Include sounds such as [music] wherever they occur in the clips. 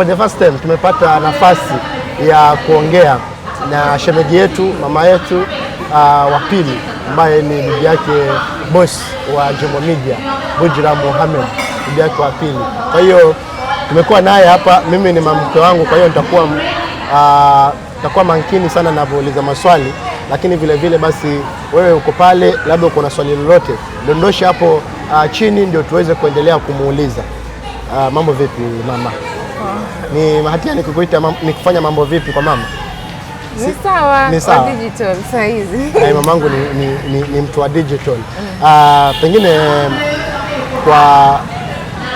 for the first time tumepata nafasi ya kuongea na shemeji yetu mama yetu uh, wa pili ambaye ni bibi yake boss wa Jomo Media Bujra Mohamed, bibi yake wa pili. Kwa hiyo tumekuwa naye hapa, mimi ni mamke wangu, kwa hiyo nitakuwa ah, nitakuwa makini sana navyouliza maswali, lakini vile vile basi, wewe uko pale, labda uko na swali lolote, dondosha hapo uh, chini, ndio tuweze kuendelea kumuuliza. Uh, mambo vipi mama? ni hatia ni kukuita ni kufanya mambo vipi kwa mama? Si, ni sawa, ni sawa. Digital saa hizi mamangu ni, ni, ni, ni mtu wa digital mm. ah, pengine kwa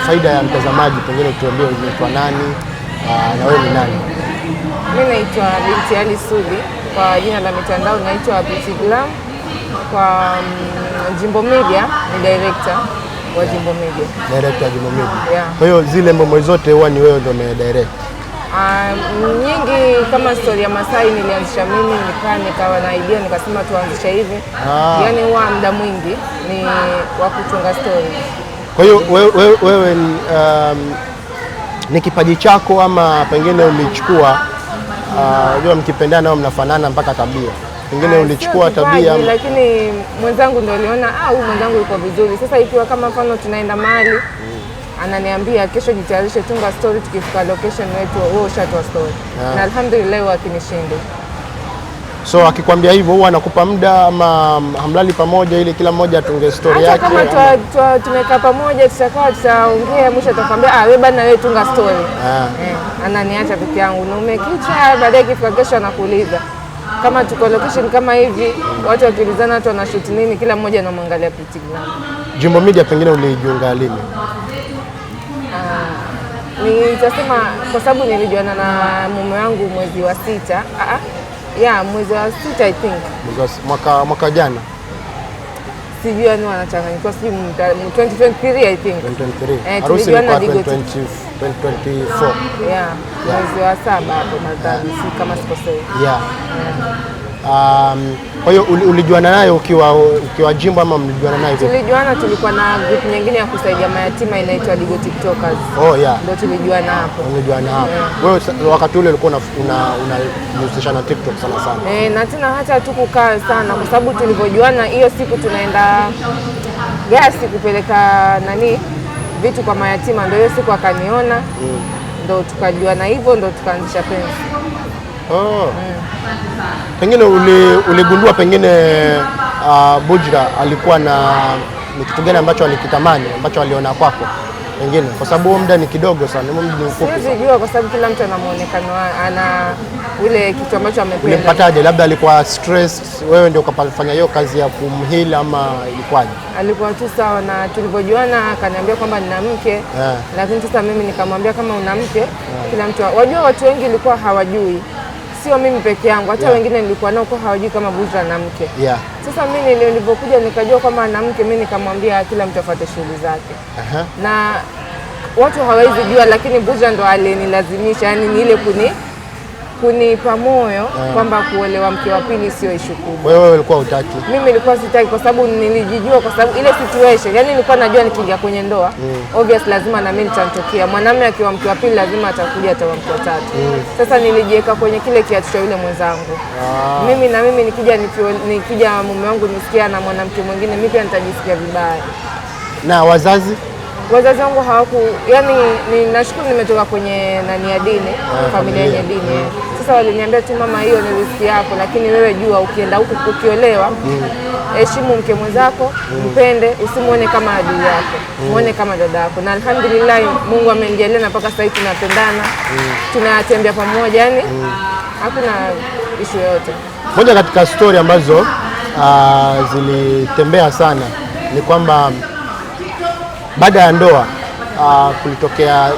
faida ya mtazamaji pengine utuambie unaitwa nani ah, na wewe ni nani? mi naitwa Binti Ali Suli, kwa jina la mitandao naitwa Beauty Glam kwa um, Jimbo Media ni director wa Jimbo Media. Director wa Jimbo Media. Yeah. Kwa hiyo zile mbomo zote huwa ni wewe ndio umedirect? Um, ah, nyingi kama stori ya Masai nilianzisha mimi, nikaa nikawa na idea nikasema tuanzishe hivi ah. Yaani huwa muda mwingi ni wa kutunga story. Kwa hiyo wewe wewe um, ni kipaji chako ama pengine ulichukua, ah, unajua uh, mkipendana au mnafanana mpaka tabia pengine ulichukua tabia, lakini mwenzangu ndio aliona ah, huyu mwenzangu yuko vizuri. Sasa ikiwa kama mfano tunaenda mahali mm. ananiambia kesho jitayarishe, tunga story, tukifika location wetu wewe ushatoa story yeah. na alhamdulillah akinishinda. So akikwambia hivyo huwa anakupa muda ama hamlali pamoja ili kila mmoja atunge story yake? Kama tumekaa pamoja tutakaa tutaongea, mwisho atakwambia ah, wewe bana, wewe tunga story. Ah. Eh, ananiacha peke yangu, naumekicha baadaye, kifika kesho anakuuliza kama tuko location kama hivi, watu wakiulizana, watu wanashuti nini, kila mmoja anamwangalia Pretty Jimbo Media pengine ulijiunga lini? Ah, nitasema kwa sababu nilijuana na mume wangu mwezi wa sita. Aa, ah, ah, yeah, mwezi wa sita I think. Mwaka mwaka jana sijui yani wanachanganyikiwa, sijui 2023 I think. 2023. Eh, 2024. Yeah mwezi wa saba hapo nadhani, si kama sikosei. Yeah. Um, kwa hiyo ulijuana naye ukiwa ukiwa jimbo ama mlijuana naye? Tulijuana, tulikuwa na group nyingine ya kusaidia mayatima inaitwa Digo TikTokers. Oh yeah. Ndio tulijuana hapo. Ulijuana hapo. Wewe wakati ule ulikuwa unajihusisha na TikTok sana sana? Eh, na tena hata tukukaa sana kwa sababu tulivyojuana hiyo siku tunaenda gasi kupeleka nani vitu kwa mayatima, ndio hiyo siku akaniona mm ndo tukajua na hivyo ndo tukaanzisha penzi. Oh. Ah. Mm. Pengine uligundua pengine uh, Bujra alikuwa na ni kitu gani ambacho alikitamani ambacho aliona kwako pengine, kwa sababu huo muda ni kidogo sana, muda ni mfupi. Siwezi jua kwa sababu kila mtu ana muonekano ana ile kitu ambacho amependa. Ulimpataje? Labda alikuwa stress, wewe ndio ukafanya hiyo kazi ya kumhil ama ilikuwaje? Alikuwa tu sawa, na tulivyojuana akaniambia kwamba nina mke yeah. Lakini sasa mimi nikamwambia kama una mke yeah. Kila mtu wajua, watu wengi ilikuwa hawajui sio mimi peke yangu hata yeah. Wengine nilikuwa nao kwa hawajui kama Buzra na mke yeah. Sasa mimi nilipokuja nikajua kwamba ana mke, mimi nikamwambia kila mtu afuate shughuli zake uh -huh. Na watu hawawezi jua, lakini Buzra ndo alinilazimisha, yani ni ile kuni kunipa moyo ah. kwamba kuolewa mke wa pili sio ishu kubwa. Wewe ulikuwa utaki? Mimi nilikuwa sitaki, kwa sababu nilijijua, kwa sababu ile situation, yani nilikuwa najua nikiingia kwenye ndoa mm. obvious lazima na mimi nitamtokea mwanamume. Akiwa mke wa pili lazima atakuja, atawa mke wa tatu mm. Sasa nilijiweka kwenye kile kiatu cha yule mwenzangu ah. mimi na mimi nikija, nikija mume wangu nisikia na mwanamke mwingine, mimi pia nitajisikia vibaya. na wazazi wazazi wangu hawaku, yani ni nashukuru nimetoka kwenye nani ya dini ah, familia yenye dini mm. Sasa waliniambia tu, mama, hiyo ni riski yako, lakini wewe jua ukienda huku ukiolewa, mm. heshimu mm. mke mwenzako mm. mpende, usimwone kama adui yako mm. muone kama dada yako, na alhamdulillah Mungu amenijalia na mpaka sasa hivi tunapendana mm. tunatembea pamoja, yani mm. hakuna ishu yoyote. Moja katika stori ambazo uh, zilitembea sana ni kwamba baada ya ndoa uh, kulitokea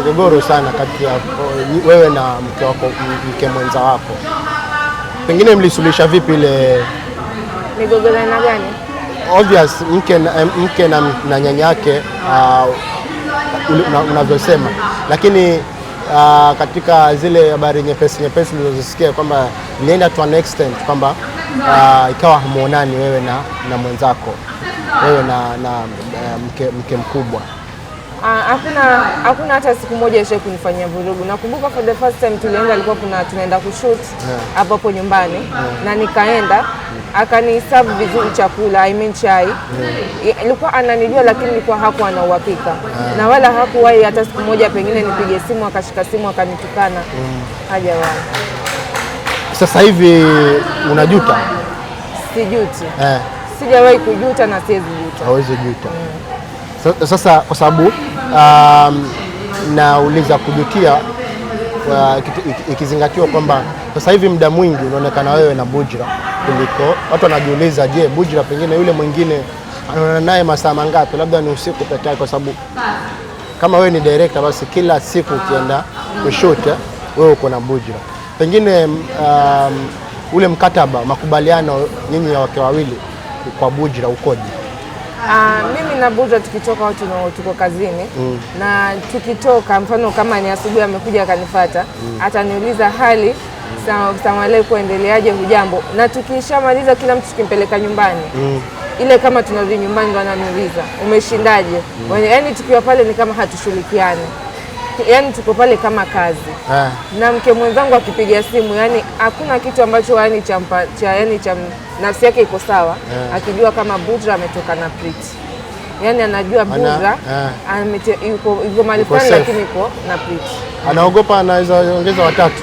mgogoro sana kati ya oh, wewe na mke wako, mke mwenza wako, pengine mlisuluhisha vipi ile migogoro? na gani? Obvious, mke na, eh, mke na, na nyanya yake uh, unavyosema, lakini uh, katika zile habari nyepesi nyepesi ulizozisikia kwamba nienda to an extent kwamba uh, ikawa hamuonani wewe na, na mwenzako wewe na, na eh, mke, mke mkubwa? Ah, hakuna, hakuna hata siku moja ishe kunifanyia vurugu. Nakumbuka for the first time tulienda, alikuwa kuna tunaenda kushoot eh. hapo hapo nyumbani yeah. na nikaenda akanisabu vizuri chakula, I mean chai yeah. Ilikuwa ananijua lakini ilikuwa haku ana uhakika yeah. na wala hakuwahi hata siku moja pengine nipige simu akashika simu akanitukana mm. hajawahi. Sasa hivi unajuta? Sijuti yeah sijawahi kujuta na siwezi juta. Hawezi juta. Mm. sasa kwa sababu um, nauliza kujutia uh, ikizingatiwa kwamba sasa hivi muda mwingi unaonekana wewe na Bujra kuliko watu wanajiuliza, je, Bujra pengine yule mwingine anaona uh, naye masaa mangapi? Labda ni usiku pekee kwa sababu kama wewe ni director, basi kila siku ukienda kushoot eh, wewe uko na Bujra pengine um, ule mkataba makubaliano nyinyi ya wake wawili kwa Bujra ukoje? Uh, ah, mimi na Bujra tukitoka watu tuko kazini mm. na tukitoka, mfano kama ni asubuhi amekuja akanifata mm. ataniuliza hali mm. Samwalei, kuendeleaje, hujambo? Na tukishamaliza kila mtu tukimpeleka nyumbani mm. ile kama tunarudi nyumbani ndo ananiuliza umeshindaje? mm. Yaani, yaani tukiwa pale ni kama hatushirikiani yani tuko pale kama kazi ah. na mke mwenzangu akipiga simu, yani hakuna kitu ambacho yani cha yani cha nafsi yake iko sawa yeah. Akijua kama Budra ametoka na Prit, yaani anajua Budra yuko mahali fulani, lakini iko na Prit. Anaogopa, anaweza ongeza watatu.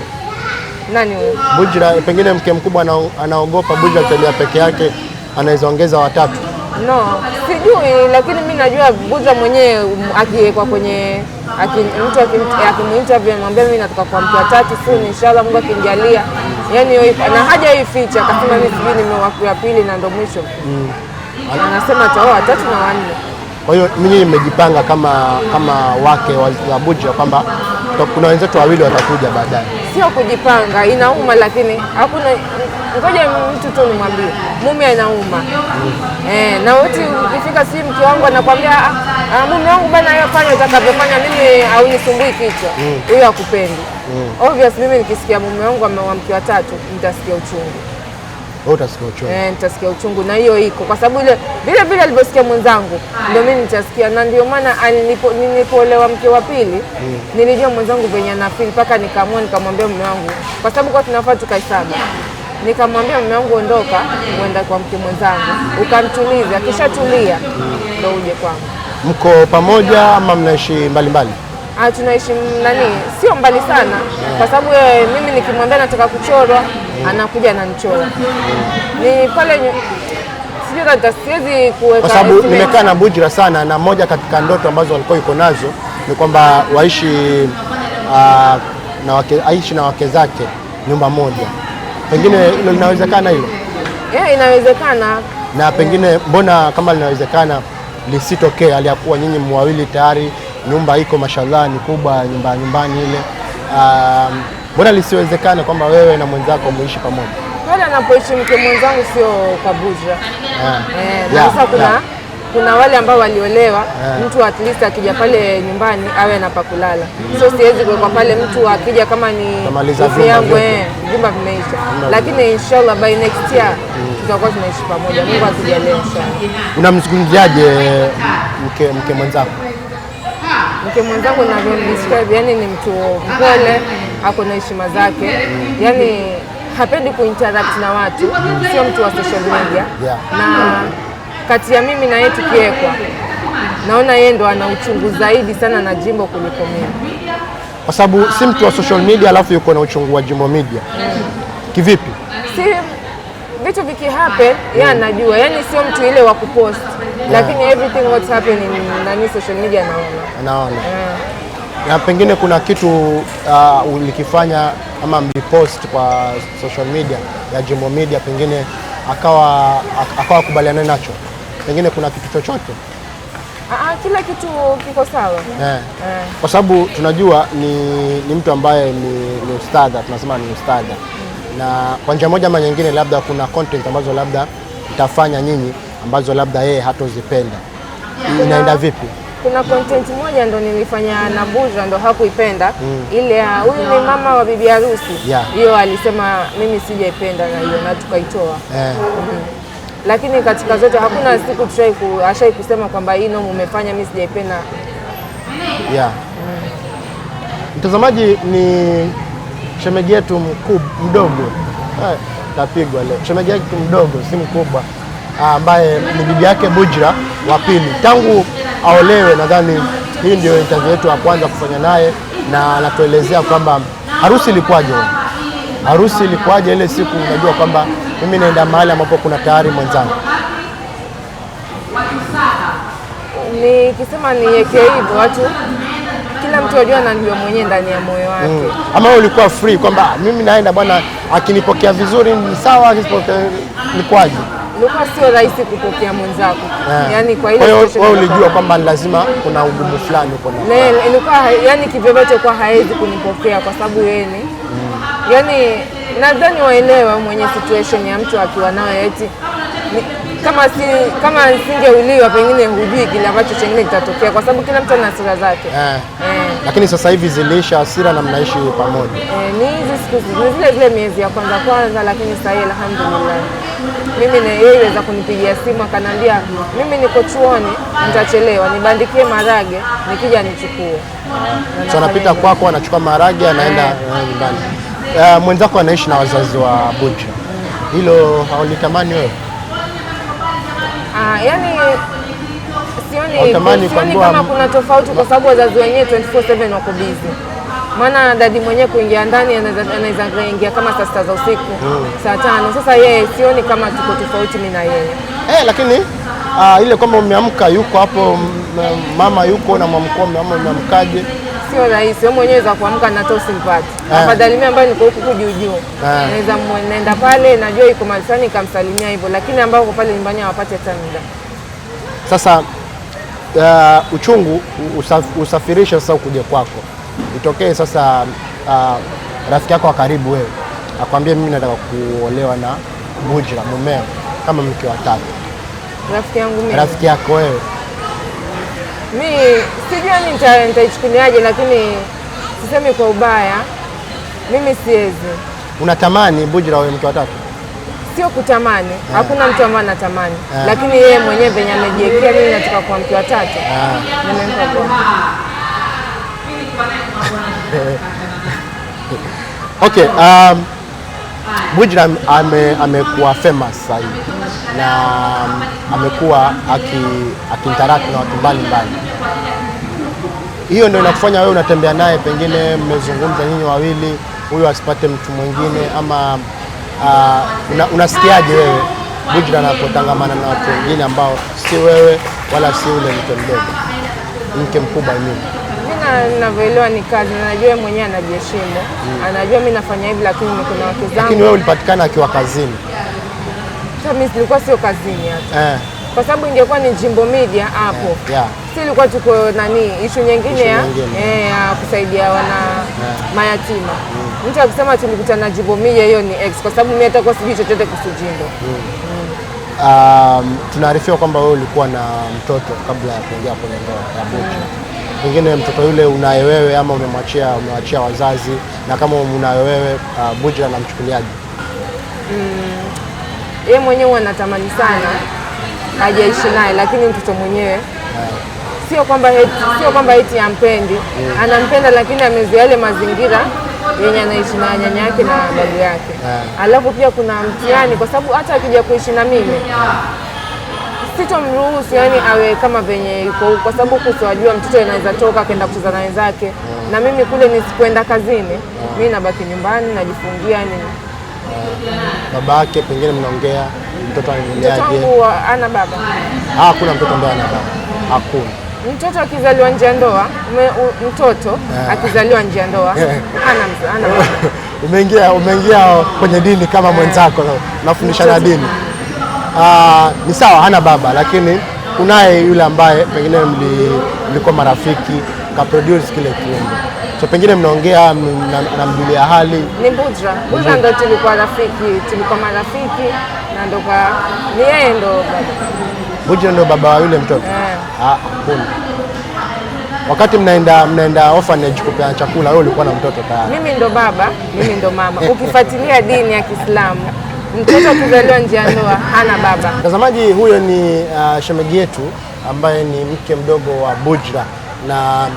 Nani huyo? Budra, pengine mke mkubwa anaogopa Budra kutembea peke yake, anaweza ongeza watatu. No, sijui, lakini mi najua Budra mwenyewe akiwekwa kwenye mtu akimuinterview, anamwambia mimi natoka kwa mke wa tatu, si inshallah Mungu akinijalia yani na haja ficha akasema mimi sijui nimewaku ya pili na ndo mwisho mm. Anasema ataoa watatu na wanne. Kwa hiyo mimi nimejipanga kama kama wake wa Bujra kwamba kuna wenzetu wawili watakuja baadaye. Sio kujipanga, inauma lakini hakuna ngoja mtu tu nimwambie mume anauma mm. Eh, na wote ukifika, si mke wangu anakwambia ah, ah, mume wangu bana, yafanya utakavyofanya, mimi aunisumbui kichwa, mm. huyo mm. akupendi Mm. mimi nikisikia mume wangu ameoa mke wa tatu nitasikia uchungu. Wewe utasikia uchungu. Eh, nitasikia uchungu na hiyo iko kwa sababu ile vile vile alivyosikia mwenzangu ndio mimi nitasikia na ndio maana nilipoolewa mke wa pili mm. nilijua mwenzangu venye anafeel mpaka nikaamua nikamwambia mume wangu kwa sababu kwa tunafaa tukae Nikamwambia mume wangu ondoka, uenda kwa mke mwenzangu ukamtuliza, akishatulia ndio uje kwangu. Mko pamoja ama mnaishi mbalimbali? Ah, tunaishi nani, sio mbali sana, kwa sababu yeye eh, mimi nikimwambia nataka kuchorwa anakuja ananichora. Ni pale siwezi kwa sababu nimekaa na Bujra sana, na moja katika ndoto ambazo walikuwa yuko nazo ni kwamba waishi uh, na wake, aishi na wake zake nyumba moja, pengine hilo linawezekana hilo? Yeah, inawezekana. Na pengine mbona kama linawezekana lisitokee aliyakuwa nyinyi mwawili tayari nyumba iko mashallah ni kubwa, nyumba nyumbani ile. Ah, mbona Um, lisiwezekane kwamba wewe na mwenzako muishi pamoja? Pale anapoishi mke mwenzangu sio kabuja. Eh. Eh, yeah. Yeah. Sasa kuna yeah. kuna wale ambao waliolewa yeah. mtu at least akija pale nyumbani awe na pa kulala mm. so siwezi kuwekwa pale mtu akija kama ni ofisi yangu eh, vyumba vimeisha, lakini inshallah by next year mm. tutakuwa tunaishi pamoja, Mungu akijalia inshallah. Unamzungumziaje mke mke mwenzako? Mke mwenzangu navyomdescribe, yani ni mtu mpole, ako na heshima zake, yani hapendi kuinteract na watu, sio mtu wa social media yeah. Na kati ya mimi na yeye tukiwekwa, naona yeye ndo ana uchungu zaidi sana na Jimbo kuliko mimi, kwa sababu si mtu wa social media alafu yuko na uchungu wa Jimbo Media mm. Kivipi? si vitu vikihappen, yeye anajua, yani sio mtu ile wa kupost lakini everything what's happening nani social media naona naona yeah. Na pengine kuna kitu uh, ulikifanya ama mlipost kwa social media ya Jimbo Media, pengine akawa akawa kubaliana nacho, pengine kuna kitu chochote Aa, ah, ah, kila kitu kiko sawa yeah. Yeah. Kwa sababu tunajua ni, ni mtu ambaye ni, ni ustadha tunasema ni ustadha mm. Na kwa njia moja ama nyingine, labda kuna content ambazo labda mtafanya nyinyi ambazo labda yeye hatozipenda. Inaenda vipi? Kuna content moja ndo nilifanya na Buza ndo hakuipenda mm. Ile huyu ni mama wa bibi harusi hiyo, yeah. Alisema mimi sijaipenda na hiyo na tukaitoa yeah. mm. Mm-hmm. Lakini katika zote hakuna siku ashai kusema kwamba hii nomu umefanya mimi sijaipenda yeah. mm. Mtazamaji ni shemeji yetu mdogo, eh, tapigwa leo, shemeji yetu mdogo si mkubwa Ah, ambaye ni bibi yake Bujra wa pili. Tangu aolewe, nadhani hii ndio interview yetu ya kwanza kufanya naye, na anatuelezea kwamba harusi ilikuwaje. Harusi ilikuwaje ile siku? Unajua kwamba mimi naenda mahali ambapo kuna tayari mwenzangu. Nikisema niweke hivyo watu kila mtu ajua anajua mwenyewe ndani ya moyo wake. Mm. Ama ulikuwa free kwamba ah, mimi naenda bwana, akinipokea vizuri ni sawa, akinipokea ni kwaje? ilikuwa sio rahisi kupokea mwenzako yeah. Yani kwa hiyo wewe ulijua kwamba lazima kuna ugumu fulani uko nao, ilikuwa yani kivyovyote kwa hawezi kunipokea kwa sababu yeye ni mm. Yani nadhani waelewe mwenye situation ya mtu akiwa nayo eti kama si kama nisingeuliwa pengine hujui kile ambacho chengine kitatokea, kwa sababu kila mtu ana sura zake yeah. Yeah lakini sasa hivi ziliisha hasira na mnaishi pamoja. E, ni hizi siku zile zile miezi ya kwanza kwanza, lakini sasa hivi alhamdulillah, mimi na yeye weza kunipigia simu akanambia, mimi niko chuoni nitachelewa, nibandikie marage nikija nichukue. So anapita kwako anachukua marage anaenda eh, nyumbani. Uh, mwenzako anaishi na wazazi wa Bucha, hilo haulitamani wewe? Ah, yani Natamani kuambia kama kuna tofauti, kwa sababu wazazi wenyewe 24/7 wako busy. Maana dadi mwenyewe kuingia ndani anaweza kuingia kama saa sita za usiku mm. saa tano. Sasa yeye sioni kama tuko tofauti mimi na yeye eh, lakini uh, ile kwamba umeamka yuko hapo mama yuko na mwamko mama umeamkaje? Sio rahisi wewe mwenyewe za kuamka na tosi mpati eh. Afadhali mimi ambaye niko huku juu juu eh. Naweza naenda pale najua iko mahali malisani nikamsalimia hivyo, lakini ambao pale nyumbani hawapate hata muda sasa uh, uchungu usaf, usafirishe sasa ukuja kwako, itokee sasa uh, rafiki yako wa karibu wewe akwambie mimi nataka kuolewa na Bujra mumeo kama mke wa tatu. Rafiki yangu mimi, rafiki yako wewe, mimi sijui nitaichukuliaje, lakini sisemi kwa ubaya, mimi siwezi. Unatamani Bujra wewe mke wa tatu? sio kutamani, ah. hakuna mtu ambaye anatamani, ah. lakini yeye mwenyewe venye amejiwekea, mimi nataka kwa mke wa tatu ah. [laughs] Okay, um, Bujra ame, amekuwa famous sasa hivi na um, amekuwa akiinteract aki na watu mbalimbali. Hiyo ndio inakufanya wewe unatembea naye, pengine mmezungumza nyinyi wawili, huyu asipate mtu mwingine ama Ah, unasikiaje una wewe Bujra anapotangamana na watu wengine ambao si wewe wala si ule mke mdogo, mke mkubwa? Nyuma ninavyoelewa ni kazi, najua mwenyewe anajiheshimu, mm. anajua mi nafanya hivi, lakini kuna wake zangu. Lakini wewe ulipatikana akiwa kazini? Mimi nilikuwa sio kazini hata eh. Kwa sababu ingekuwa ni Jimbo Media hapo eh, yeah. Si ilikuwa tuko nani, ishu nyingine ya eh, kusaidia wana eh, mayatima mm mtu akisema tulikutana Jibomie, hiyo ni ex, kwa sababu mimi hata kwa sijui chochote kuhusu Jimbo. mm. mm. Um, tunaarifiwa kwamba wewe ulikuwa na mtoto kabla ya kuingia kwenye ndoa ya Butch. Mm. Pengine mtoto yule unaye wewe ama umemwachia umewachia wazazi, na kama unaye wewe uh, Butch anamchukuliaje? mm. Yeye mwenyewe anatamani sana hajaishi naye, lakini mtoto mwenyewe yeah. Sio kwamba eti ampendi, mm. anampenda, lakini amezoea yale mazingira yenye anaishi na nyanya yake na babu yake, ah. alafu pia kuna mtihani, kwa sababu hata akija kuishi na mimi sitomruhusu yani awe kama venye yuko kwa sababu kusiwajua mtoto anaweza toka akaenda kucheza na wenzake, ah. na mimi kule nisikwenda kazini, ah. mi nabaki nyumbani najifungia nini. Baba yake pengine mnaongea mtoto anaendeleaje? Mtoto wangu ana baba? Hakuna mtoto ambaye ana baba, hakuna mtoto akizaliwa nje ya ndoa, mtoto eh. akizaliwa nje ya ndoa [laughs] ana umeingia umeingia kwenye dini kama eh. mwenzako, nafundisha na dini ah, ni sawa, hana baba lakini kunaye yule ambaye pengine mlikuwa marafiki produce kile kiumbe, so pengine mnaongea, namjulia hali. Ni Budra, Budra ndo tulikuwa rafiki, tulikuwa marafiki na ndo ni yeye ndo Butch ndio baba wa yule mtoto eh? Ah, Wakati mnaenda mnaenda orphanage kupea chakula, wewe ulikuwa na mtoto tayari? Mimi ndo baba, mimi ndo mama. Ukifuatilia dini ya Kiislamu mtoto kuzaliwa nje ya ndoa hana baba. Mtazamaji, huyo ni uh, ah, shemeji yetu ambaye ni mke mdogo wa Bujra na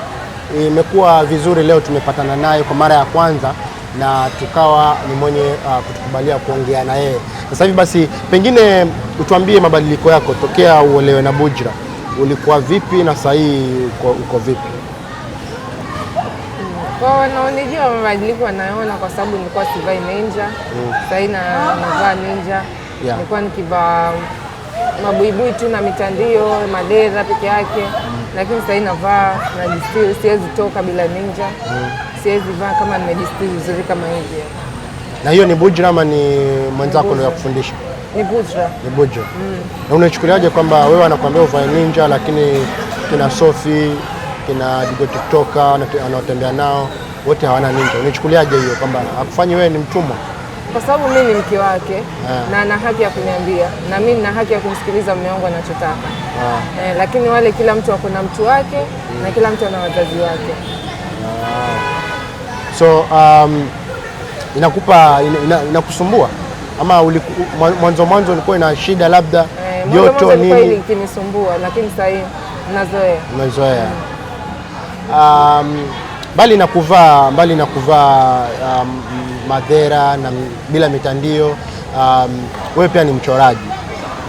imekuwa vizuri leo tumepatana naye kwa mara ya kwanza na tukawa ni mwenye uh, kutukubalia kuongea na yeye sasa hivi. Basi pengine utuambie mabadiliko yako tokea uolewe na Bujra, ulikuwa vipi na sasa hivi uko, uko vipi? Kwa wanaonijua mabadiliko wanayoona, kwa sababu nilikuwa sivai ninja mm. Sasa hivi navaa ninja yeah. Nilikuwa nikivaa mabuibui tu na mitandio madera peke yake mm. Lakini sasa hivi navaa najistiri, siwezi toka bila ninja mm siwezi vaa kama nimejistiri vizuri kama hivi. Na hiyo ni Bujra ama ni mwenzako ya kufundisha? Ni Bujra. Ni Bujra. Mm. Na unachukuliaje kwamba wewe anakuambia uvae ninja lakini kina Sofi kina Digo TikToka anaotembea nao wote hawana ninja. Unachukuliaje hiyo kwamba akufanyi wewe ni mtumwa? Kwa sababu mimi ni mke wake ah. na ana haki ya kuniambia na mimi nina haki ya kumsikiliza mume wangu anachotaka ah. Eh, lakini wale kila mtu ako na mtu wake na mm. kila mtu ana wazazi wake ah so um, inakupa ina, inakusumbua ama uliku, mwanzo mwanzo ulikuwa ina shida labda eh, joto nini kinisumbua, lakini sasa hivi nazoea nazoea. Um, mbali na kuvaa mbali na kuvaa um, madhera na bila mitandio um, wewe pia ni mchoraji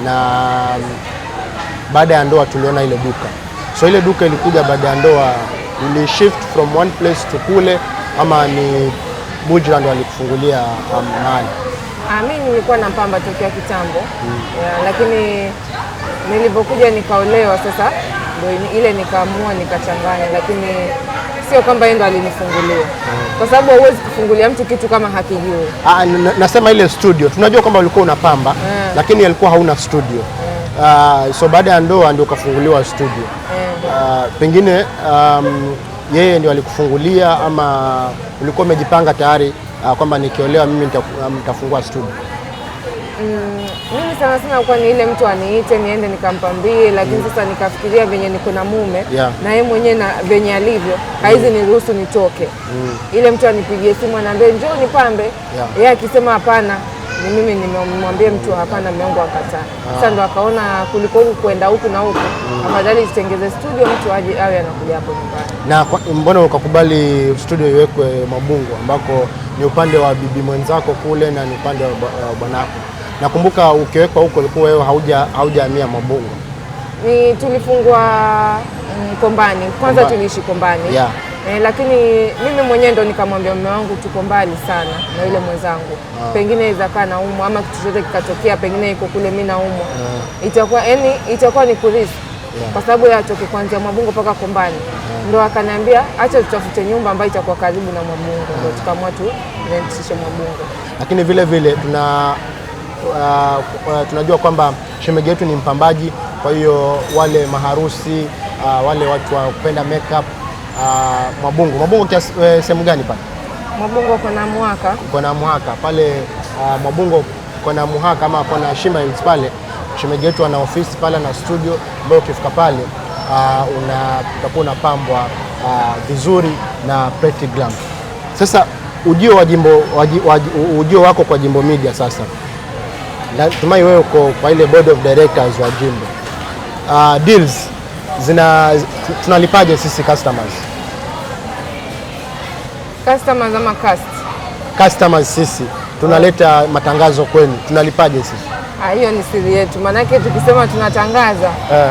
na um, baada ya ndoa tuliona ile duka, so ile duka ilikuja baada ya ndoa, shift from one place to kule ama ni Bujra ndo alikufungulia mahali? Um, nilikuwa na pamba tokea kitambo mm. yeah, lakini nilipokuja nikaolewa sasa ndo ile nikaamua nikachanganya, lakini sio kwamba yeye ndo alinifungulia mm. kwa sababu huwezi kufungulia mtu kitu kama hakijui. Ah, nasema ile studio, tunajua kwamba ulikuwa una pamba yeah. Mm. lakini alikuwa hauna studio yeah. Mm. uh, so baada ya ndoa ndio ukafunguliwa studio yeah. Mm. uh, pengine um, yeye ndio alikufungulia ama ulikuwa umejipanga tayari uh, kwamba nikiolewa mimi ah, nitafungua studio? Mm, mimi sana sana kwa ni ile mtu aniite niende nikampambie, lakini mm. Sasa nikafikiria venye niko na mume yeah. na yeye mwenyewe na venye alivyo haizi mm. niruhusu nitoke mm. ile mtu anipigie simu anaambia njoo nipambe, yeye yeah. akisema hapana ni mimi nimemwambia mtu hapana, mume wangu akataa. Sasa ndo akaona kuliko huku kwenda huku na huku, mm. afadhali zitengeze studio, mtu aje awe anakuja hapo nyumbani. Na mbona ukakubali studio iwekwe Mabungo, ambako ni upande wa bibi mwenzako kule na ni upande wa bwanako? Nakumbuka ukiwekwa huko ulikuwa wewe hauja haujahamia Mabungo. Ni tulifungwa Mkombani mm, kwanza, tuliishi Kombani, yeah. Eh, lakini mimi mwenyewe ndo nikamwambia mume wangu tuko mbali sana na yule mwenzangu ah. Pengine izakaa naumwa ama kitu chochote kikatokea, pengine iko kule mi naumwa ah. Itakuwa yani itakuwa ni kurisi yeah. Kwa sababu yatoke kuanzia Mwabungo mpaka Kombani ah. Ndo akaniambia acha tutafute nyumba ambayo itakuwa karibu na Mwabungo ah. Ndo tukaamua tu rentishe Mwabungo, lakini vile vile tuna uh, uh, tunajua kwamba shemegi yetu ni mpambaji, kwa hiyo wale maharusi uh, wale watu wa kupenda makeup uh, ah, Mwabungo. Mwabungo eh, sehemu gani pale? Mwabungo kona Muhaka, kona Muhaka pale uh, ah, Mwabungo kona Muhaka ama kona Shimba Hills pale, shemeji yetu ana ofisi pale na studio ambayo ukifika pale uh, una utakuwa unapambwa uh, vizuri na Pretty Glam. Sasa ujio wa jimbo ujio wako kwa Jimbo Media sasa, natumai wewe uko kwa ile board of directors wa jimbo uh, deals zina tunalipaje sisi customers? Customers ama cast? Customers sisi tunaleta matangazo kwenu, tunalipaje sisi? Ah, hiyo ni siri yetu, maanake tukisema tunatangaza eh,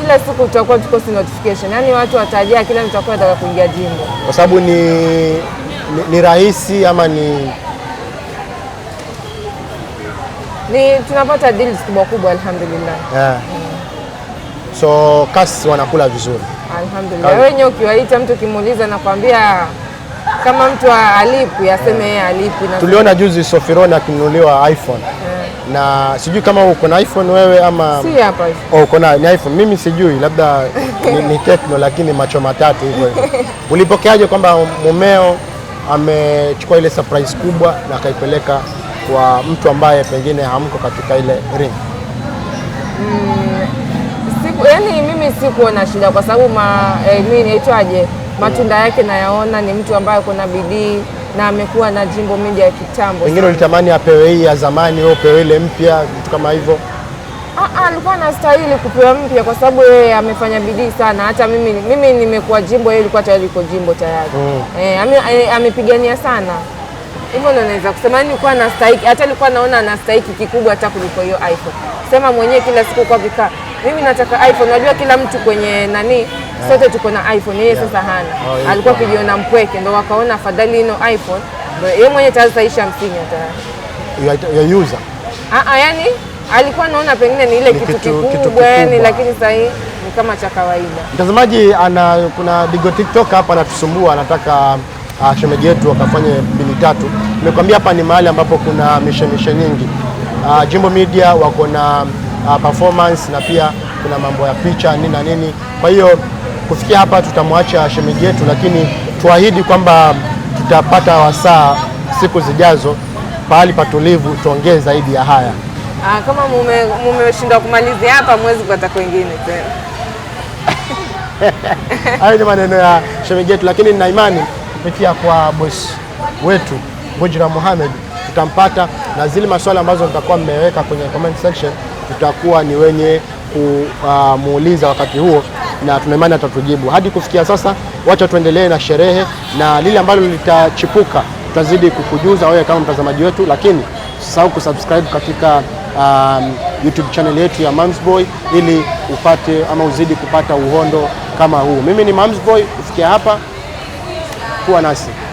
kila siku tutakuwa tukosi notification, yaani watu watajaa kila mtakuwa nataka kuingia jimbo, kwa sababu ni, ni, ni rahisi ama ni ni tunapata deals kubwa kubwa, alhamdulillah yeah. So kasi wanakula vizuri alhamdulillah. Wenyewe ukiwaita mtu kimuuliza, nakwambia kama mtu alipi aseme yeye alipi. Tuliona juzi Sofironi akinunuliwa iPhone eh. na sijui kama uko na iPhone wewe ama si hapa oh, uko na ni iPhone. Mimi sijui labda ni, ni Tecno lakini macho matatu hivyo [laughs] ulipokeaje kwamba mumeo amechukua ile surprise kubwa na akaipeleka kwa mtu ambaye pengine hamko katika ile ring? Mm, siku yani mimi sikuona shida kwa sababu eh, mimi naitwaje matunda yake nayaona, ni mtu ambaye kuna bidii na amekuwa na Jimbo Media ya kitambo. Wengine ulitamani apewe hii ya zamani, wewe upewe ile mpya, vitu kama hivyo? Ah, ah, alikuwa anastahili kupewa mpya kwa sababu yeye amefanya bidii sana. Hata mimi mimi nimekuwa Jimbo, yeye ilikuwa tayari iko Jimbo tayari mm. Eh, eh, amepigania sana, hivyo ndio naweza kusema yaani nilikuwa anastahili. Hata nilikuwa naona anastahili kikubwa hata kuliko hiyo iPhone. Sema mwenyewe kila siku kwa vikaa mimi nataka iPhone. Najua kila mtu kwenye nani, sote tuko na iPhone, yeye sasa hana, oh, alikuwa akijiona mpweke, ndo wakaona afadhali ino iPhone yeye mwenye tayari saishi hamsini ya user ah, ah, yani alikuwa naona pengine ni ile kitu kikubwa yani, lakini sasa hii ni kama cha kawaida. Mtazamaji ana kuna digo TikTok hapa anatusumbua, anataka uh, shemeji yetu akafanye mbili tatu. Nimekwambia hapa ni mahali ambapo kuna mishemishe nyingi. Uh, Jimbo Media wako na uh, performance na pia kuna mambo ya picha nini na nini. Kwa hiyo kufikia hapa tutamwacha shemeji yetu, lakini tuahidi kwamba tutapata wasaa siku zijazo, pahali patulivu, tuongee zaidi ya haya. Aa, ah, kama mumeshindwa mume kumalizia hapa, mwezi kupata kwengine tena. [laughs] Hayo ni maneno ya shemeji yetu, lakini nina imani kupitia kwa bosi wetu Bujra Mohamed tutampata na zile maswali ambazo nitakuwa mmeweka kwenye comment section tutakuwa ni wenye kumuuliza wakati huo, na tunaimani atatujibu. Hadi kufikia sasa, wacha tuendelee na sherehe na lile ambalo litachipuka tutazidi kukujuza wewe kama mtazamaji wetu, lakini usisahau kusubscribe katika um, YouTube channel yetu ya Boy ili upate ama uzidi kupata uhondo kama huu. Mimi ni Boy, kufikia hapa kuwa nasi.